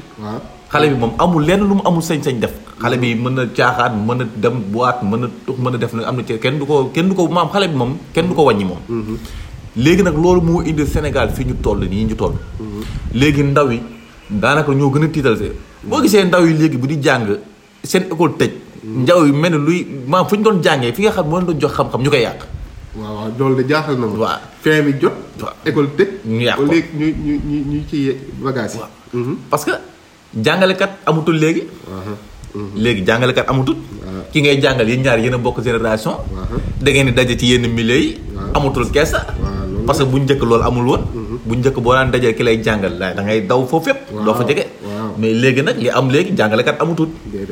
xale bi moom amul lenn lu mu amul sañ-sañ def xale bi mën na caaxaan mën na dem boîte mën a tux mën a def na am na kenn du ko kenn du ko maam xale bi moom kenn du ko waññi moom mm-hmm. léegi nag loolu moo indi Sénégal fi ñu toll nii ñu toll. léegi ndaw yi daanaka ñoo gën a tiital see boo gisee ndaw yi léegi bu di jàng seen école tëj. njaw yi mel ne luy maam fu ñu doon jàngee fi nga xam moo leen jox xam ñu koy yàq. waaw loolu de jaaxal na ma. waaw fin bi jot. waaw école tëj. ñu ci bagage mhm. parce que jàngalekat amutul léegi. Mhm. léegi jàngalekat amatul. ki ngay jàngal yi ñaar yéen bokk génération. da ngeen di daje ci yenn milieu yi. amatul keesa. parce que bu njëkk loolu amul woon. Mhm. bu njëkk boo daan dajee ki lay jàngal da ngay daw foofu fépp. doo fa jege. mais léegi nag li am léegi jàngalekat amatul.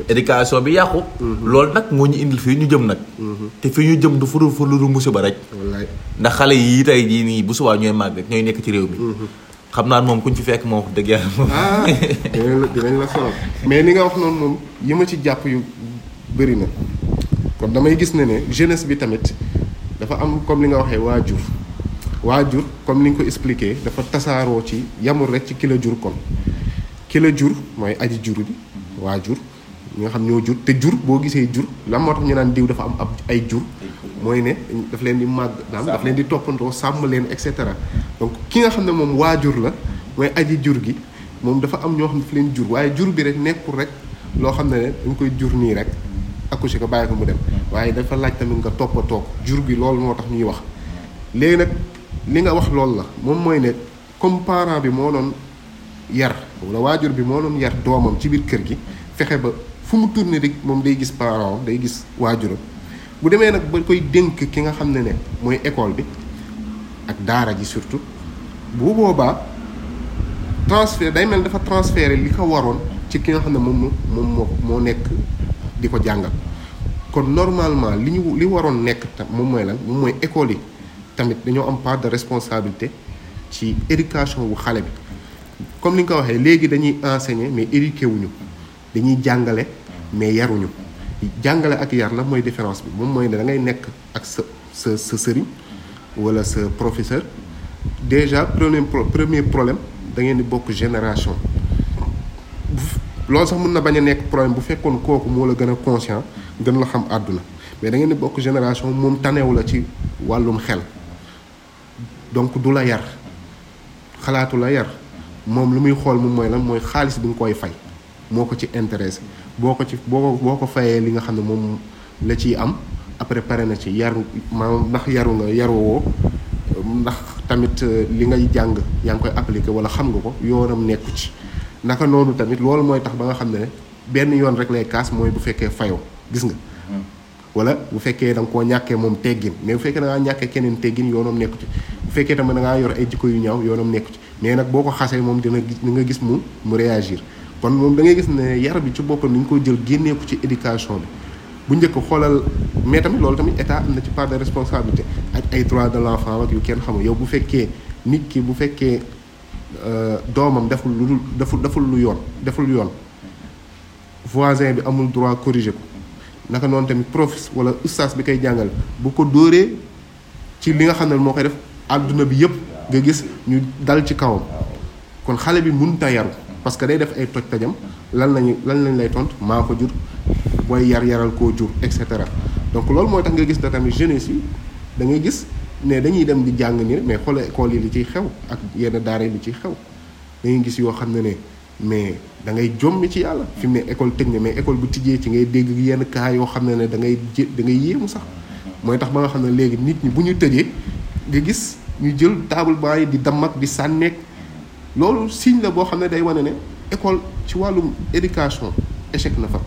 éducation bi yàqu. Mhm. lool nag moo ñu indil fii ñu jëm nag. Mhm. te fi ñu jëm du furul furulu musiba rek. ndax xale yi tey jii nii bu subaa ñooy màgg ñooy nekk ci réew mi. xam naa moom kuñ fi fekk moom dëgg yàlla moom. ah dinañ dinañ la mais li nga wax noonu moom yi ma ci jàpp yu bëri na kon damay gis ne ne jeunesse bi tamit dafa am comme li nga waxee waajur waajur comme ni nga ko expliqué dafa tasaaroo ci yamul rek ci kilo jur kon kilo jur mooy aji jur bi waajur ñi nga xam ñoo jur te jur boo gisee jur lan moo tax ñu naan diw dafa am ab ay jur mooy ne daf leen di màgg daam daf leen di toppandoo sàmm leen et cetera donc ki nga xam ne moom waajur la mooy aji jur gi moom dafa am ñoo xam ne daf leen jur waaye jur bi rek nekkul rek loo xam ne dañ koy jur nii rek accouché ko bàyyi ko mu dem waaye dafa laaj tamit nga toppatoo jur bi loolu moo tax ñuy wax léegi nag li nga wax loolu la moom mooy ne comme parent bi moo doon yar wala waajur bi moo doon yar doomam ci biir kër gi fexe ba fu mu turne rek moom day gis parent day gis waajuram bu demee nag ba koy dénk ki nga xam ne ne mooy école bi ak daara ji surtout bu boobaa transfert day mel dafa transféré li ko waroon ci ki nga xam ne moom moom moo nekk di ko jàngal kon normalement li ñu li waroon nekk tam moom mooy lan moom mooy école yi tamit dañoo am part de responsabilité ci éducation wu xale bi comme li nga ko waxee léegi dañuy enseigner mais éduqué wuñu dañuy jàngale mais yaruñu jàngale ak yar la mooy différence bi moom mooy ne da ngay nekk ak sa sa sëriñ wala sa professeur déjà premier premier problème da ngeen di bokk génération loolu sax mun na bañ a nekk problème bu fekkoon kooku moo la gën a conscient gën la xam àdduna mais da ngeen di bokk génération moom taneewu la ci wàllum xel donc du la yar xalaatu la yar moom lu muy xool moom mooy lan mooy xaalis bi nga koy fay moo ko ci intéressé boo ko ci boo ko boo ko fayee li nga xam ne moom la ciy am après pare na ci yar maanaam ndax yaru nga yaruwoo ndax tamit euh, li ngay jàng yaa ngi koy appliquer wala xam nga ko yoonam nekku ci naka noonu tamit loolu mooy tax ba nga xam ne benn yoon rek lay kaas mooy bu fekkee fayoo gis nga. Hmm. wala bu fekkee da nga koo ñàkkee moom teggin mais bu fekkee da ngaa keneen teggin yoonam nekku ci. bu fekkee tamit da ngaa yor ay jikko yu ñaaw yoonam nekku ci mais nag boo ko xasee moom dina nga gis mu mu réagir kon moom da ngay gis ne yar bi ci boppam ni ñu ko jël génnee ko ci éducation bi bu njëkk xoolal mais tamit loolu tamit état am na ci part de responsabilité ak ay droits de l'enfant ak yu kenn xamul yow bu fekkee nit ki bu fekkee euh, doomam deful lu deful deful lu yoon deful yoon voisin bi amul droit corriger ko naka noonu tamit prof wala ustaas bi koy jàngal bu ko dóoree ci li nga xam ne moo koy def àdduna bi yëpp nga gis ñu dal ci kawam kon xale bi mun a yaru parce que day def ay toj tajam lan lañu lan lañ lay tontu maa ko jur booy yar yaral koo jur et cetera donc loolu mooy tax nga gis da tamit jeunesse yi da ngay gis ne dañuy dem di jàng nii mais xoole école yi li ciy xew ak yenn daara yi ciy xew dañuy gis yoo xam ne ne mais da ngay jommi ci yàlla fi mu ne école tëj mais école bu tijjee ci ngay dégg yenn kaa yoo xam ne ne da ngay da ngay yéemu sax mooy tax ba nga xam ne léegi nit ñi bu ñu tëjee nga gis ñu jël table banc yi di damm ak di sànneeg loolu signe la boo xam ne day wane ne école ci wàllum éducation échec na fa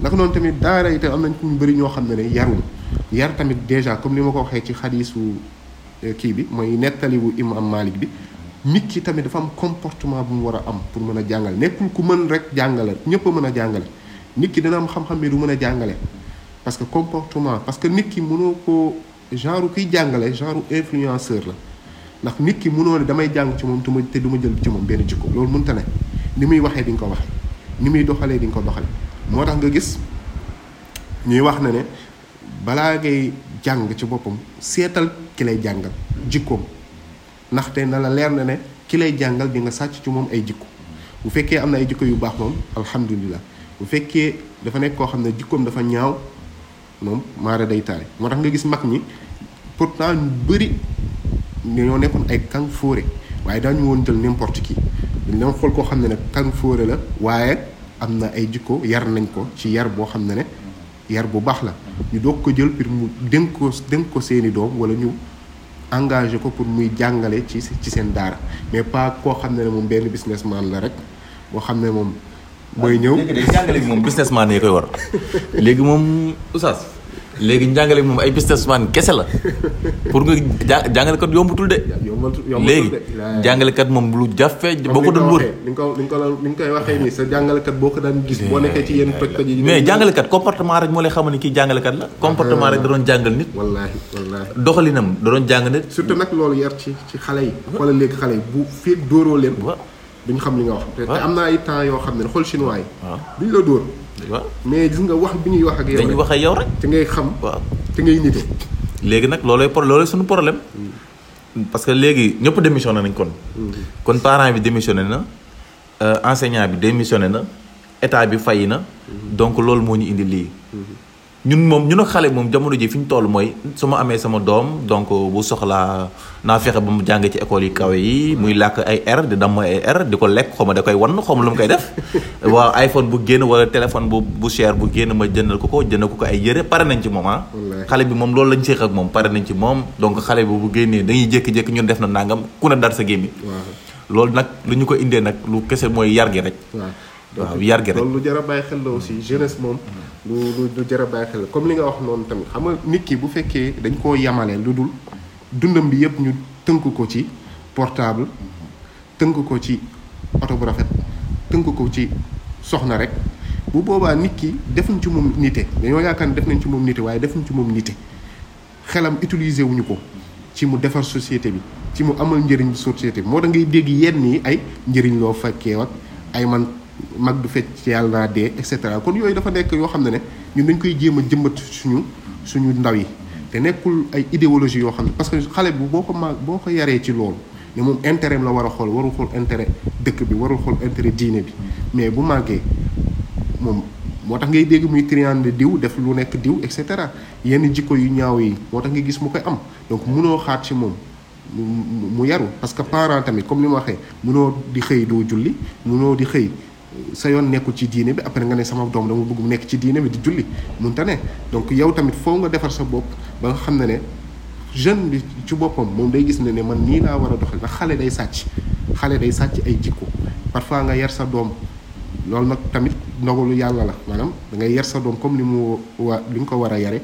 naka noonu tamit daara yi tam am nañ ko ñu bëri ñoo xam ne ne yarul yar tamit dèjà comme ni ma ko waxee ci xadiisu euh, kii bi mooy nettaliwu imam Malik bi nit ki tamit dafa am comportement bu mu war a am pour mën a jàngale nekkul ku mën rek jàngale ñëpp a mën a jàngale nit ki dana am xam-xam bi du mën a jàngale parce comportement parce que genre kiy jàngale genre influenceur la ndax nit ki munoo ne damay jàng ci moom te te du ma jël ci moom benn jikko loolu mënta ne ni muy waxee di ko waxee ni muy doxalee di ko doxale moo tax nga gis ñuy wax na ne balaa ngay jàng ci boppam seetal ki lay jàngal jikkoom ndaxte na la leer na ne ki lay jàngal di nga sàcc ci moom ay jikko bu fekkee am na ay jikko yu baax moom alhamdulilah bu fekkee dafa nekk koo xam ne jikkoom dafa ñaaw moom maara day taale moo tax nga gis mag ñi pourtant ñu bëri ñoo nekkoon ay kanfoore waaye daañu woon jël n'importe qui dañ leen xool koo xam ne nag kanfoore la waaye am na ay jikko yar nañ ko ci yar boo xam ne ne yar bu baax la ñu doog ko jël pour mu dénk ko dénk ko seeni doom wala ñu engagé ko pour muy jàngale ci ci seen daara mais pas koo xam ne ne moom benn businessman la rek boo xam ne moom. mooy ñëw léegi jàngale ne koy war [LAUGHS] léegi moom oustaz. léegi njàngale moom ay businessman kese la pour nga ja jàngalekat yombatul de. yombatul de léegi jàngalekat moom lu jafe. boo ko doon wër ni nga ko ni nga koy waxee nii sa jàngalekat boo ko daan gis. boo eh, nekkee ci mais jàngalekat comportement rek moo lay xamal ni kii jàngalekat la. comportement rek da doon jàngal nit. wallaahi wallaahi. doxalinam da doon jàng nit. surtout nag loolu yar ci ci xale yi. wala léegi xale yi bu fii dóoroo leen. waaw duñ xam li nga wax. te am na ay temps yoo xam ne xool chinois yi. waaw waaw mais gis nga wax bi ñuy wax ak yow wax ak yow rek te ngay xam waaw te ngay nite léegi nag loolooy pro loolooy suñu problème hmm. parce que léegi ñëpp démissionné nañ kon hmm. kon parent bi démissionné na euh, enseignant bi démissionné na état bi fay na hmm. donc loolu moo ñu indi lii ñun moom ñun ak xale moom jamono ji fi ñu toll mooy su ma amee sama doom donc bu soxlaa naa fexe ba mu jàngee ci école yi kawe yi muy làkk ay R di damm ay R di ko lekk xaw ma da koy wan xaw ma lu mu koy def [LAUGHS] waa iPhone bu génn wala téléphone bu bu cher bu génn ma jëndal ko ko jëndal ko ko ay yëre pare nañ ci moom ah xale bi moom loolu lañ séex ak moom pare nañ ci moom donc xale bi bu génnee dañuy jékki-jékki ñun def na nangam ku ne dar sa gémmi loolu nag lu ñu ko indee nag lu kese mooy yar gi rek waaw yar gi rek lu jar a bàyyi xel la aussi jeunesse moom. lu lu lu jar a bàyyi xel la comme li nga wax noonu tamit xam nit ki bu fekkee dañ koo yamale lu dul dundam bi yëpp ñu tënk ko ci portable tënk ko ci oto bu rafet tënk ko ci soxna rek bu boobaa nit ki defuñ ci moom nite dañoo yaakaar ne def nañ ci moom nite waaye defuñ ci moom niti xelam utiliser wuñu ko ci mu defar société bi ci mu amal njëriñ société bi moo da ngay dégg yenn yi ay njëriñ loo fekkee ak ay man. mag du fecc ci yàlla naa dee et kon yooyu dafa nekk yoo xam ne ne ñun dañ koy jéem a jëmbat suñu suñu ndaw yi te nekkul ay idéologie yoo xam ne parce que xale bu boo ko ma boo ko yaree ci loolu ne moom intérêt la war a xool warul xool intérêt dëkk bi warul xool intérêt diine bi mais bu màggee moom moo tax ngay dégg muy triande diw def lu nekk diw et cetera yenn jikko yu ñaaw yi moo tax nga gis mu koy am donc munoo xaat ci moom mu yaru parce que parent tamit comme ni ma waxee munoo di xëy julli munoo di xëy sa yoon nekkul ci diine bi après nga ne sama doom dama bëgg mu nekk ci diine bi di julli munta ne donc yow tamit foo nga defar sa bopp ba nga xam ne ne jeune bi ci boppam moom day gis ne ne man nii laa war a doxal ndax xale day sàcc xale day sàcc ay jikko parfois nga yar sa doom loolu nag tamit ndogalu yàlla la maanaam da ngay yar sa doom comme li mu wa li nga ko war a yare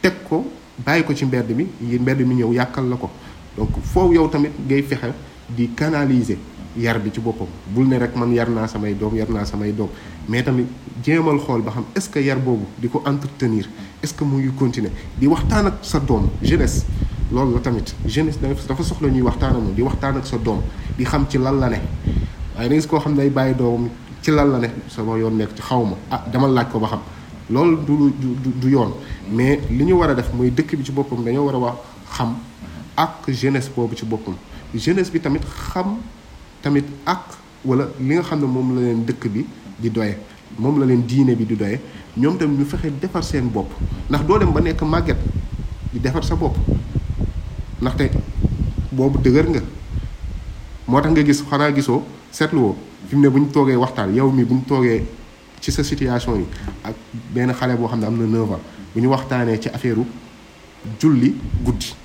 teg ko bàyyi ko ci mbedd mi mbedd mi ñëw yàkkal la ko donc foofu yow tamit ngay fexe di canaliser yar bi ci boppam bul ne rek man yar naa samay doom yar naa samay doom mais tamit jéemal xool ba xam est-ce que yar boobu di ko entretenir est-ce que mu ngi continuer di waxtaan ak sa doom jeunesse loolu la tamit jeunesse dafa soxla ñuy waxtaan moom di waxtaan ak sa doom di xam ci lan la ne waaye da gis koo xam ne day bàyyi doomam ci lan la ne sama yoon nekk ci xaw ma ah demal laaj ko ba xam loolu du du du yoon mais li ñu war a def mooy dëkk bi ci boppam dañoo war a wax xam ak jeunesse boobu ci boppam jeunesse bi tamit xam tamit ak wala li nga xam ne moom la leen dëkk bi di doye moom la leen diine bi di doye ñoom tamit ñu fexe defar seen bopp ndax doo dem ba nekk màgget di defar sa bopp ndaxte boobu dëgër nga moo tax nga gis xanaa gisoo seetluwoo fi ne bu ñu toogee waxtaan yow mi bu ñu toogee ci sa situation yi ak benn xale boo xam ne am na 9 bu ñu waxtaanee ci affaire julli guddi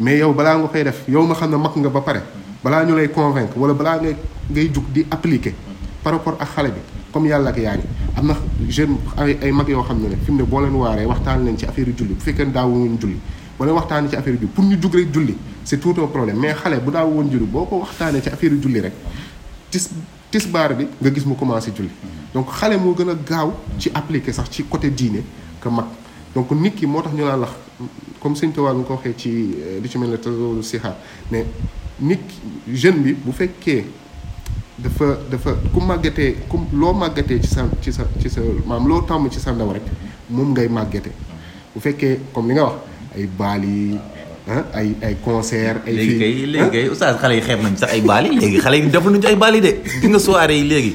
mais yow balaa nga koy def yow ma xam ne mag nga ba pare. balaa ñu lay convaincre wala balaa ngay ngay jug di appliquer par rapport ak xale bi comme yàlla ak yaa ngi am na jeune ay ay mag yoo xam ne ne fi mu ne boo leen waaree waxtaan leen ci affaire julli bu fekkee daaw woon julli wala waxtaanee ci affaire yu julli pour ñu jug rek julli tout un problème mais xale bu daaw woon julli boo ko waxtaanee ci affaire yu julli rek tis tis baar bi nga gis mu commencé julli donc xale moo gën a gaaw ci appliquer sax ci côté diine que mag donc nit ki moo tax ñu naan lax comme sëñ Tuubaa mi ko waxee ci euh, li ci mel ne tasawul nit jeune bi bu fekkee dafa dafa ku màggatee ku loo màggatee ci sa ci sa ci sa maam loo tàmm ci sa ndaw rek moom ngay màggate bu fekkee comme li nga wax ay baal yi ah, ay ay concert léegi kay ah. léegi kay oustaz xale yi xeeb nañ sax ay baal yi léegi xale yi def nañ ci ay baal de di nga yi léegi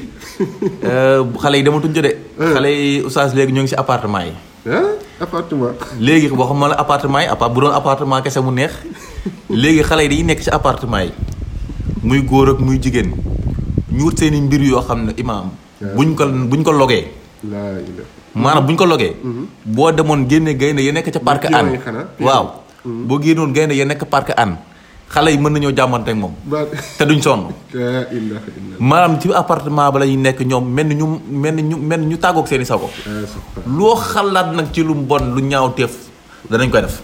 [LAUGHS] euh, xale yi dematuñ ci de ah. xale yi léegi ñoo ngi si appartement yi appartement léegi waxuma la appartement yi appart bu doon appartement kese mu neex léegi xale yi dañuy nekk ci appartement yi muy góor ak muy jigéen ñu wut mbir yoo xam ne imaam. buñ ko buñ ko logee. maanaam buñ ko logee. Mm-hmm. boo demoon génne gaynde ya nekk ca parc an waaw mm-hmm. boo génnoon gaynde ya nekk parc an xale yi mën nañoo jàmmante ak moom. te duñ sonn. [LAUGHS] maanaam ci appartement ba la ñuy nekk ñoom mel ni ñu mel ni ñu mel ni ñu tàggoog seen i sago. Eh, loo xalaat nag ci lu bon lu ñaaw teef danañ koy def.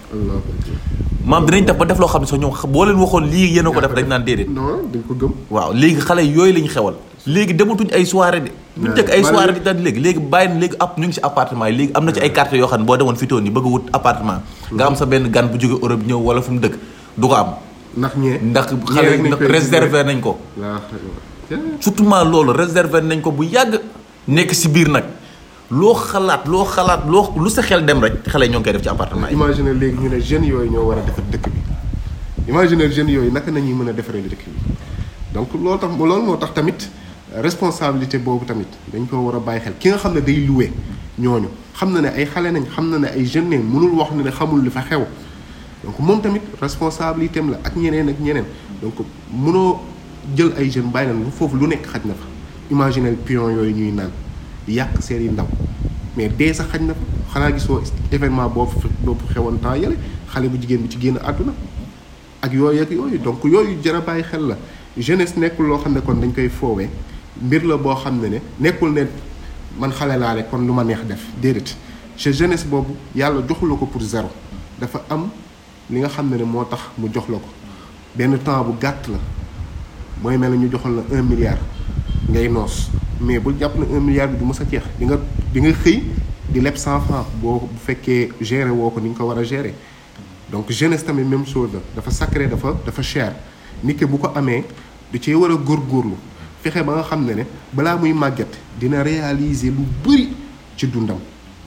maam dinañ def ba def loo xam ne sax ñoom boo leen waxoon lii yéen ko def dañ naan déedéet. non waaw léegi xale yooyu lañ xewal. léegi dematuñ ay soirée de. bu ñu ay soirée di daan léegi léegi bàyyi léegi ab ñu ngi ci appartement yi léegi am na ci ay quartier yoo xam ne boo demoon fitoon yi bëgg a wut appartement. nga am sa benn gan bu jóge Europe ñëw wala fu mu dëkk du ko am. ndax ñee ndax xale ndax réservé nañ ko. surtout loolu réserver nañ ko bu yàgg nekk ci biir nag loo xalaat loo xalaat loo lu sa xel dem rek xale ñoo ngi koy def ci appartement yi. imaginer léegi ñu ne jeunes yooyu ñoo war a defar dëkk bi imaginer jeunes yooyu naka nañuy mën a defaree dëkk bi donc loolu tax loolu moo tax tamit responsabilité boobu tamit dañ ko war a bàyyi xel ki nga xam ne day loué ñooñu xam na ne ay xale nañ xam na ne ay jeunes mënul wax ne xamul li fa xew donc moom tamit responsabilité am la ak ñeneen ak ñeneen donc mënoo jël ay jeunes bàyyi leen foofu lu nekk xaj na fa imaginer pion yooyu ñuy naan. di yàq seen i ndaw mais dee sax xañ na fa xanaa gisoo événement boobu boobu xewoon temps yële xale bu jigéen bi ci génn àdduna ak yooyu ak yooyu donc yooyu jar a bàyyi xel la jeunesse nekkul loo xam ne kon dañ koy foowee mbir la boo xam ne ne nekkul ne man xale laa rek kon lu ma neex def déedéet chez jeunesse boobu yàlla joxu ko pour zéro dafa am li nga xam ne ne moo tax mu jox la ko benn temps bu gàtt la mooy mel ne ñu joxal la un milliard ngay noos mais bul jàpp ne un milliard bi du mës a jeex di nga di nga xëy di leb cent franc boo bu fekkee gérer woo ko ni nga ko war a gérer donc jeunesse tamit même chose la dafa sacré dafa dafa cher nit bu ko amee da cee war a góor góorlu fexe ba nga xam ne ne balaa muy màgget dina réaliser lu bëri ci dundam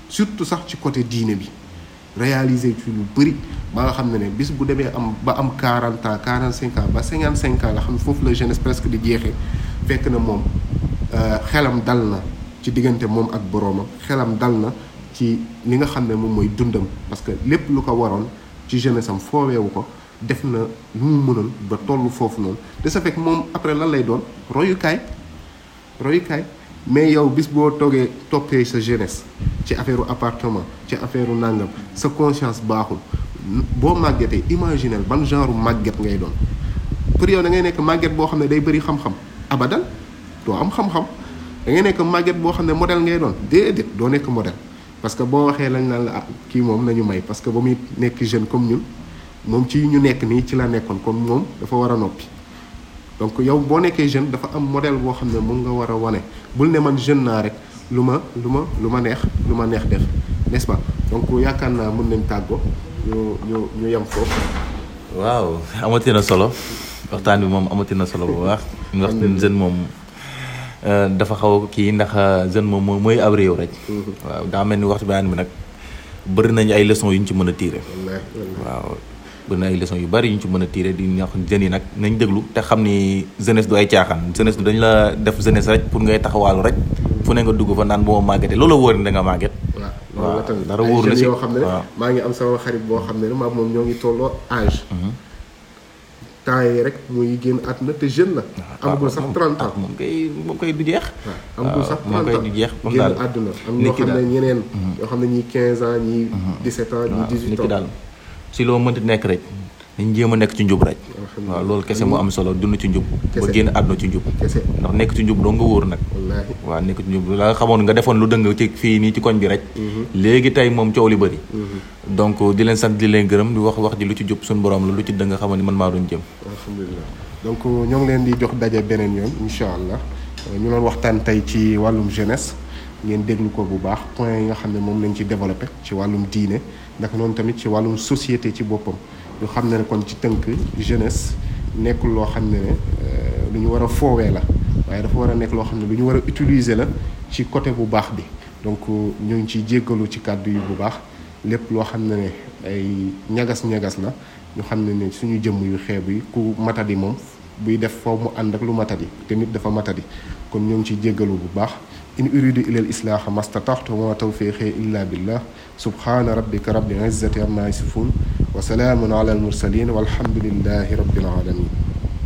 surtout sax ci côté diine bi réaliser ci lu bëri ba nga xam ne ne bis bu demee am ba am 40 ans 45 ans ba 55 ans la xam foofu la jeunesse presque di jeexee fekk na moom xelam dal na ci diggante moom ak boroomam xelam dal na ci li nga xam ne moom mooy dundam parce que lépp lu ko waroon ci jeunesse am fooweewu ko def na lu mu mënoon ba tollu foofu noonu de ce fait moom après lan lay doon royukaay royukaay mais yow bis boo toogee toppee sa jeunesse ci affaire appartement ci affaire nangam sa conscience baaxul boo màggetee imaginel ban genre u màgget ngay doon pour yow da ngay nekk màgget boo xam ne day bëri xam-xam abadan da ngay nekk màgget boo xam ne modèle ngay doon déedéet doo nekk modèle parce que boo waxee lañ naan la ah kii moom nañu may parce que ba muy nekk jeune comme ñun moom ci ñu nekk nii ci la nekkoon kon moom dafa war a noppi donc yow boo nekkee jeune dafa am modèle boo xam ne moom war a wane bul ne man jeune naa rek lu ma lu ma lu ma neex lu ma neex def n'est-ce donc yaakaar naa mën nañ tàggoo ñu ñu ñu yem foofu waaw [LAUGHS] amati na solo waxtaan bi moom amati na solo bu baax nga wax ne jeune moom Euh, dafa xaw a kii ndax euh, jeune moom mooy ab réew rek. Mm-hmm. waaw daa mel ni waxtu bi nag bari nañu ay leçons yu ñu ci mën a tiire. waaw bëri na ay yu bari yu ci mën a tiire di ñax jeunes yi nag nañ déglu te xam ni jeunesse du ay caaxaan jeunesse du dañu la def jeunesse rek pour ngay taxawaalu rek fu ne nga dugg fa naan boo màggatee loola wóor ni da nga màgget. waaw dara wóor na si xam ne maa ngi am sama xarit boo xam ne maa moom ñoo ngi tolloo âge. Mm-hmm. temps yi rek muy génn àdduna te jeune la. Ah, amagul sax 30 ans moom kay moom kay du jeex. waaw ah, amagul sax 30 ah, ans génn àdduna am mhm. ñoo xam ne ñeneen. yoo xam ne ñii 15 ans ñii 17 mhm. ans ñii 18 ans. waaw daal si loo mënti nekk rek. dañ jéem nekk ci njub rek waaw loolu kese mu am solo dund ci njub ba génn àdduna ci njub ndax nekk ci njub doo nga wóor nag waaw nekk ci njub la xamoon nga defoon lu dëng ci fii nii ci koñ bi rek mhm. léegi tey moom coow li bari mhm. donc di leen sant di leen gërëm di wax wax ji lu ci jub suñu borom la lu ci dëng xamoon ni man maa doon jëm alhamdulilah donc ñoo ngi leen di jox daje beneen yoon incha allah ñu doon waxtaan tey ci wàllum jeunesse ngeen déglu ko bu baax point yi nga xam ne moom lañ ci développé ci wàllum diine ndax noonu tamit ci wàllum société ci boppam ñu xam ne ne kon ci tënk jeunes nekkul loo xam ne ne euh, lu ñu war a foowee la waaye dafa war a nekk loo xam ne lu ñu war a utiliser la ci côté bu baax bi donc euh, ñu ngi ciy jéggalu ci kàddu yi bu baax lépp loo xam ne ne ay ñagas-ñagas la ñu xam ne ne suñu jëmm yu xeeb yi ku matadi moom buy def faw mu ànd ak lu matadi te nit dafa matadi kon ñu ngi ciy jéggalu bu baax in uridu ilal islaaha mastataxtu wa ma tawfiqi illa billah subhaana rabbika rabbil izzati amma yasifun wa salaamun ala al mursalin walhamdulillahi rabbil alamin